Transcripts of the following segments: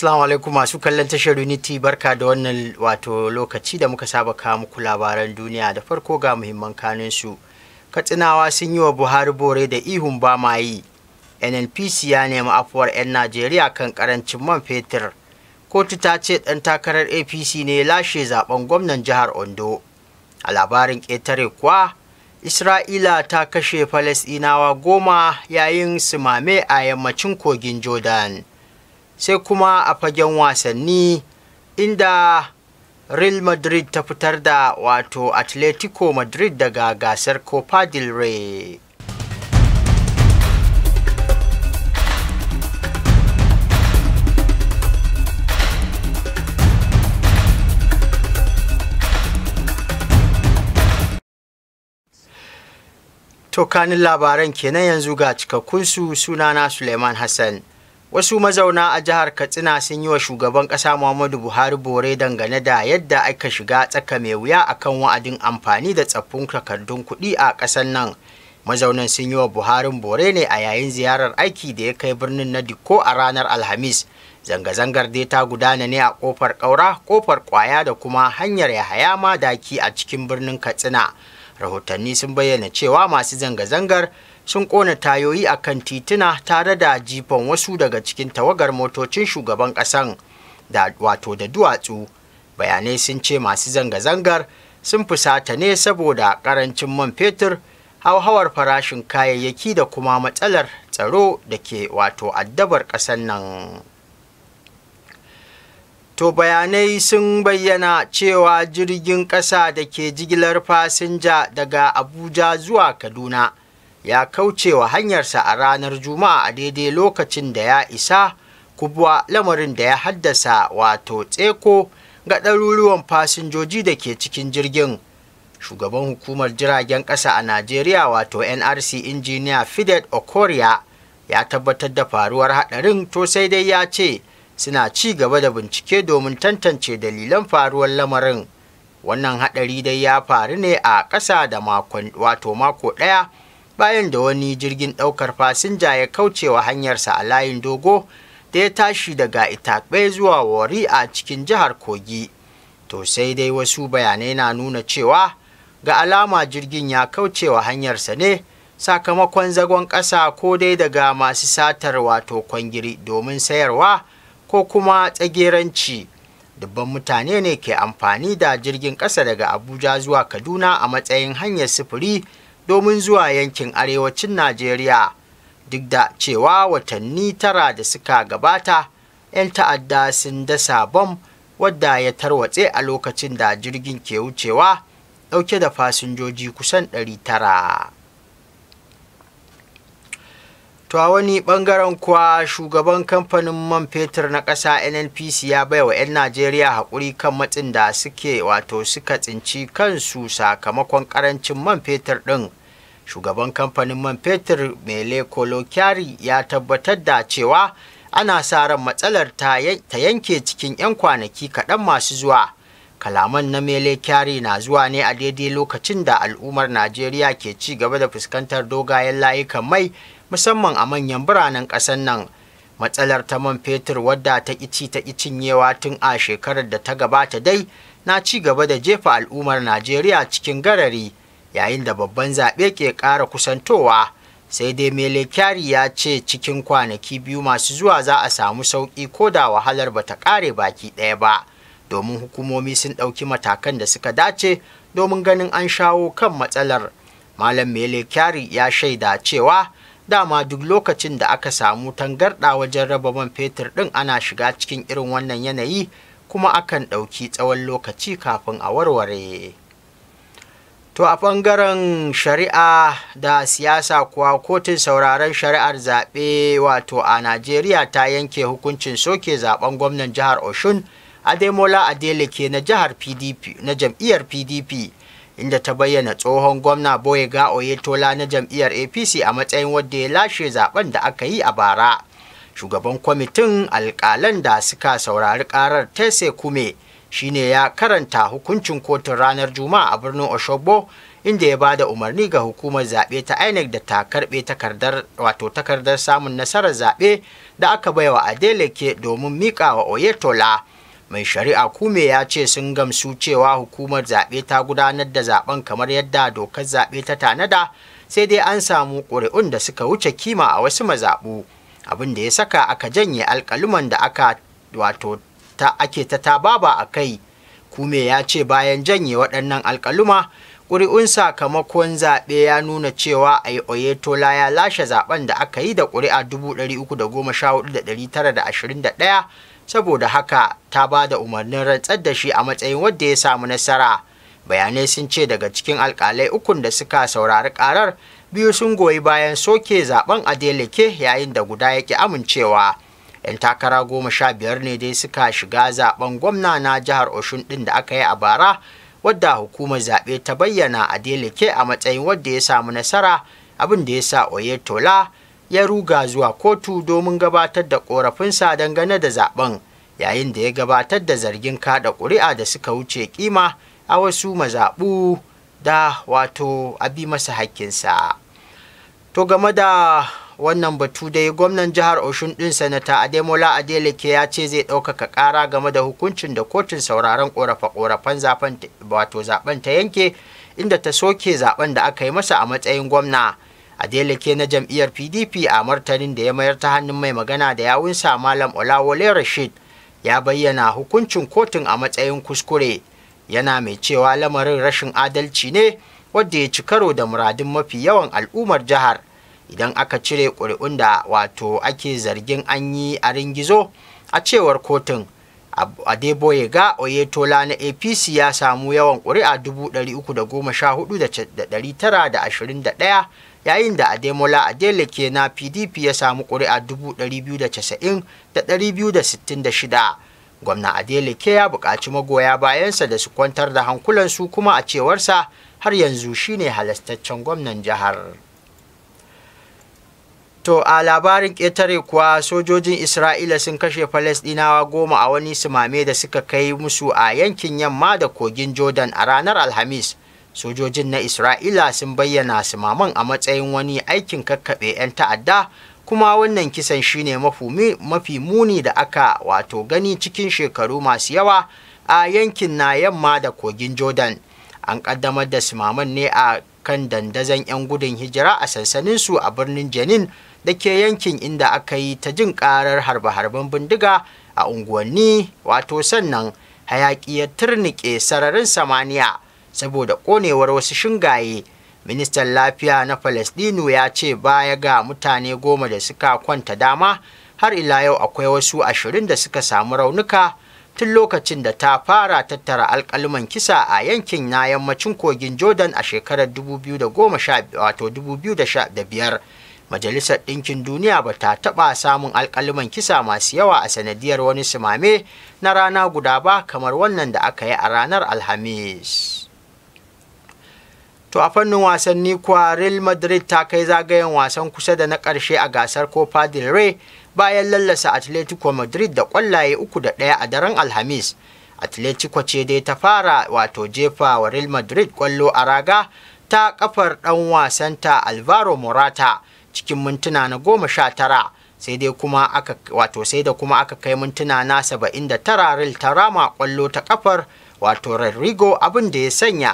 Assalamu alaikum masu kallon tashar Unity barka da wannan wato lokaci da muka saba kawo muku labaran duniya da farko ga muhimman kanun su. Katsinawa sun yi wa Buhari bore da ihun ba ma yi. NNPC ya nemi afuwar 'yan Najeriya kan karancin man fetur. Kotu ta ce ɗan takarar APC ne lashe zaben gwamnan jihar Ondo. A labarin ƙetare kuwa, Isra'ila ta kashe Falasɗinawa goma yayin simame a yammacin kogin Jordan. sai kuma a fagen wasanni inda real madrid ta fitar da wato atletico madrid daga gasar copa del rey To labaran kenan yanzu ga cikakkun su sunana Suleiman Hassan. Wasu mazauna a jihar Katsina sun yi wa shugaban ƙasa Muhammadu Buhari bore dangane da yadda aka shiga tsaka mai wuya akan wa'adin amfani da tsaffin takardun kuɗi a ƙasar nan. Mazaunan sun yi wa Buharin bore ne a yayin ziyarar aiki da ya kai birnin na diko a ranar Alhamis. Zanga-zangar dai ta gudana ne a ƙofar ƙaura, ƙofar ƙwaya da kuma hanyar Yahaya Madaki a cikin birnin Katsina. Rahotanni sun bayyana cewa masu zanga-zangar sun kona tayoyi a kan tituna tare da jifan wasu daga cikin tawagar motocin shugaban ƙasan da wato da duwatsu bayanai sun ce masu zanga-zangar sun fusata ne saboda ƙarancin man fetur hauhawar farashin kayayyaki da kuma matsalar tsaro da ke wato addabar ƙasar nan to bayanai sun bayyana cewa jirgin ƙasa da ke jigilar fasinja daga abuja zuwa kaduna ya kauce wa hanyarsa a ranar juma'a a daidai lokacin da ya isa kubuwa lamarin da ya haddasa wato tseko ga ɗaruruwan fasinjoji da ke cikin jirgin shugaban hukumar jiragen ƙasa a najeriya wato nrc injiniya fidet okoria ya tabbatar da faruwar haɗarin to sai dai ya ce suna ci gaba da bincike domin tantance dalilan faruwar lamarin wannan haɗari dai ya faru ne a ƙasa da wato mako ɗaya bayan da wani jirgin ɗaukar fasinja ya kauce wa hanyarsa a layin dogo da ya tashi daga itakbe zuwa wari a cikin jihar kogi to sai dai wasu bayanai na nuna cewa ga alama jirgin ya kaucewa hanyarsa ne sakamakon zagon ƙasa ko dai daga masu satar wato kwangiri domin sayarwa ko kuma tsageranci dubban mutane ne ke amfani da jirgin ƙasa daga abuja zuwa kaduna a matsayin hanyar sufuri domin zuwa yankin arewacin Najeriya duk da cewa watanni tara da suka gabata 'yan ta'adda sun dasa bom wadda ya tarwatse a lokacin da jirgin ke wucewa dauke da fasinjoji kusan 900. To a wani ɓangaren kuwa shugaban kamfanin man fetur na ƙasa NNPC ya bai wa 'yan Najeriya haƙuri kan matsin da suke wato suka tsinci kansu sakamakon ƙarancin man fetur ɗin shugaban kamfanin man fetur mele kolokyari ya tabbatar da cewa ana sa ran matsalar ta yanke cikin 'yan kwanaki kaɗan masu zuwa kalaman na mele kyari na zuwa ne a daidai lokacin da al'ummar najeriya ke ci gaba da fuskantar dogayen layukan mai musamman a manyan biranen ƙasar nan matsalar ta man fetur wadda ta ici ta cinyewa tun a shekarar da ta gabata dai na ci gaba da jefa al'ummar najeriya cikin garari yayin da babban zaɓe ke ƙara kusantowa sai dai mele kyari ya ce cikin kwanaki biyu masu zuwa za a samu sauƙi ko da wahalar bata ƙare baki ɗaya ba domin hukumomi sun ɗauki matakan da suka dace domin ganin an shawo kan matsalar malam mele kyari ya shaida cewa dama duk lokacin da aka samu tangarɗa wajen raba man fetur ɗin ana shiga cikin irin wannan yanayi kuma akan ɗauki tsawon lokaci kafin a warware to a ɓangaren shari'a da siyasa kuwa kotun sauraron shari'ar zaɓe wato a najeriya ta yanke hukuncin soke zaɓen gwamnan jihar oshun ademola adeleke na jihar pdp na jam'iyyar pdp inda ta bayyana tsohon gwamna boyega oyetola na jam'iyyar apc a matsayin wadda ya lashe zaɓen da aka yi a bara shugaban kwamitin Alƙalan da suka saurari ƙarar tese kume shine ya karanta hukuncin kotun ranar juma'a a birnin oshogbo inda ya bada umarni ga hukumar zaɓe ta inec da ta karɓe takardar wato takardar samun nasarar zaɓe da aka baiwa adeleke domin miƙa wa oyetola mai shari'a kume ya ce sun gamsu cewa hukumar zaɓe ta gudanar da zaɓen kamar yadda dokar zaɓe ta tanada sai dai an samu ƙuri'un da suka wuce kima a wasu mazaɓu abin da ya saka aka janye alkaluman da aka wato ta ake ta tababa a kai kume ya ce bayan janye waɗannan alkaluma ƙuri'un sakamakon zaɓe ya nuna cewa a yi oyetola ya lashe zaɓen da aka yi da ƙuri'a 314,921 saboda haka ta ba da umarnin rantsar da shi a matsayin wadda ya samu nasara bayanai sun ce daga cikin alkalai ukun da suka saurari ƙarar, biyu sun goyi bayan soke zaben adeleke yayin da guda yake amincewa 'yan takara goma sha biyar ne dai suka shiga zaben gwamna na jihar oshun din da aka yi a bara wadda hukumar zaɓe ta bayyana a deleke a matsayin wadda ya samu nasara abin da ya sa oyetola ya ruga zuwa kotu domin gabatar da korafinsa dangane da zaben yayin da ya gabatar da zargin kada ƙuri'a da suka wuce kima a wasu mazaɓu da wato abi masa hakkinsa to game da wannan batu dai gwamnan jihar oshun din sanata ademola adeleke ya ce zai ɗaukaka ƙara game da hukuncin da kotun sauraron ƙorafe-ƙorafen zaben wato zaben ta yanke inda ta soke zaben da aka yi masa a matsayin gwamna adeleke na jam'iyyar pdp a martanin da ya mayar ta hannun mai magana da yawunsa malam olawole rashid ya bayyana hukuncin kotun a matsayin kuskure yana mai cewa lamarin rashin adalci ne wadda ya ci karo da muradin mafi yawan al'ummar jihar idan aka cire ƙuri'un da wato ake zargin an yi a ringizo a cewar kotun adeboye ga oyetola na apc ya samu yawan ƙuri'a 314,921 yayin da ademola adeleke na pdp ya samu ƙuri'a 290,266 gwamna adeleke ya buƙaci magoya bayansa da su kwantar da hankulansu kuma a cewarsa har yanzu shine halastaccen gwamnan jihar. To a labarin ƙetare kuwa sojojin Isra'ila sun kashe Falasɗinawa goma a wani simame da suka kai musu a yankin yamma da kogin Jordan a ranar Alhamis. Sojojin na Isra'ila sun bayyana simaman a matsayin wani aikin kakkaɓe 'yan ta'adda kuma wannan kisan shine mafi muni da aka wato gani cikin shekaru masu yawa a yankin na yamma da kogin jordan an ƙaddamar da simaman ne a kan dandazon 'yan gudun hijira a sansaninsu a birnin jenin da ke yankin inda aka yi ta jin karar harbe-harben bindiga a unguwanni wato sannan hayaki ya turnike sararin samaniya saboda ƙonewar wasu shingaye ministan lafiya na falasdino ya ce baya ga mutane goma da suka kwanta dama har ila yau akwai wasu ashirin da suka samu raunuka tun lokacin da ta fara tattara alkaliman kisa a yankin na yammacin kogin jordan a shekarar 2015 majalisar ɗinkin duniya ba ta taɓa samun alƙaliman kisa masu yawa a sanadiyar wani simame na rana guda ba kamar wannan da aka yi a ranar alhamis to a fannin wasanni kuwa real madrid ta kai zagayen wasan kusa da na ƙarshe a gasar copa del rey bayan lallasa atletico madrid da ƙwallaye uku da ɗaya a daren alhamis atletico ce dai ta fara wato jefa wa real madrid ƙwallo a raga ta kafar ɗan wasanta alvaro morata cikin mintuna na goma sha tara sai dai kuma aka wato sai da kuma aka kai mintuna na saba'in da tara ril ta rama kwallo ta kafar wato rodrigo abin da ya sanya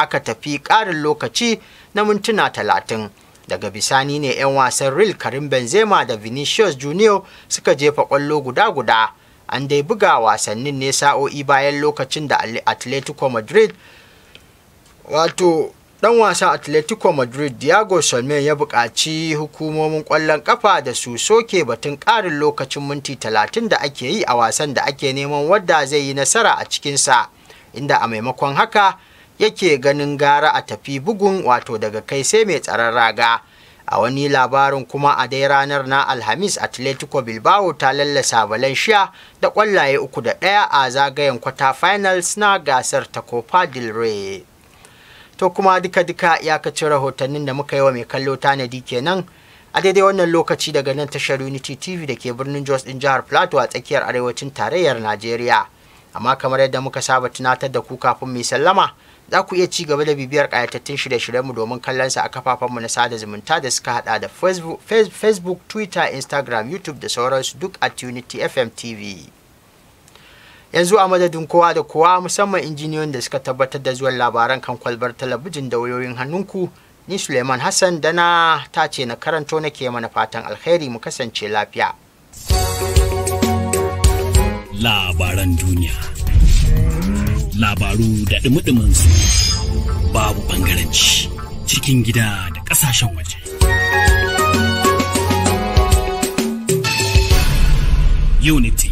aka tafi ƙarin lokaci na mintuna talatin daga bisani ne 'yan wasan ril karim benzema da vinicius junior suka jefa kwallo guda-guda an dai buga wasannin ne sa'o'i bayan lokacin da atletico madrid wato dan wasan atletico madrid diego salme ya buƙaci hukumomin ƙwallon ƙafa da su soke batun ƙarin lokacin minti 30 da ake yi a wasan da ake neman wadda zai yi nasara a cikinsa inda a maimakon haka yake ganin gara a tafi bugun wato daga kai sai mai tsaron raga a wani labarin kuma a dai ranar na alhamis atletico bilbao ta lallasa valencia da ƙwallaye uku da ɗaya a zagayen kwata finals na gasar ta copa del rey to kuma duka-duka ya iyakacin rahotannin da muka yi wa mai kallo tanadi kenan a daidai wannan lokaci daga nan tashar unity tv da ke birnin jos din jihar plateau a tsakiyar arewacin tarayyar najeriya amma kamar yadda muka saba tunatar da ku kafin mai sallama za ku iya ci gaba da bibiyar kayatattun shirye-shiryenmu domin kallon sa a kafafenmu na sada zumunta da suka hada da facebook twitter instagram youtube da sauransu duk a unity fm tv yanzu a madadin kowa da kowa musamman injiniyoyin da suka tabbatar da zuwan labaran kan kwalbar talabijin da wayoyin hannunku ni suleiman hassan da na tace na karanto nake mana fatan alkhairi mu kasance lafiya labaran duniya labaru da dumi su babu bangaranci cikin gida da ƙasashen waje unity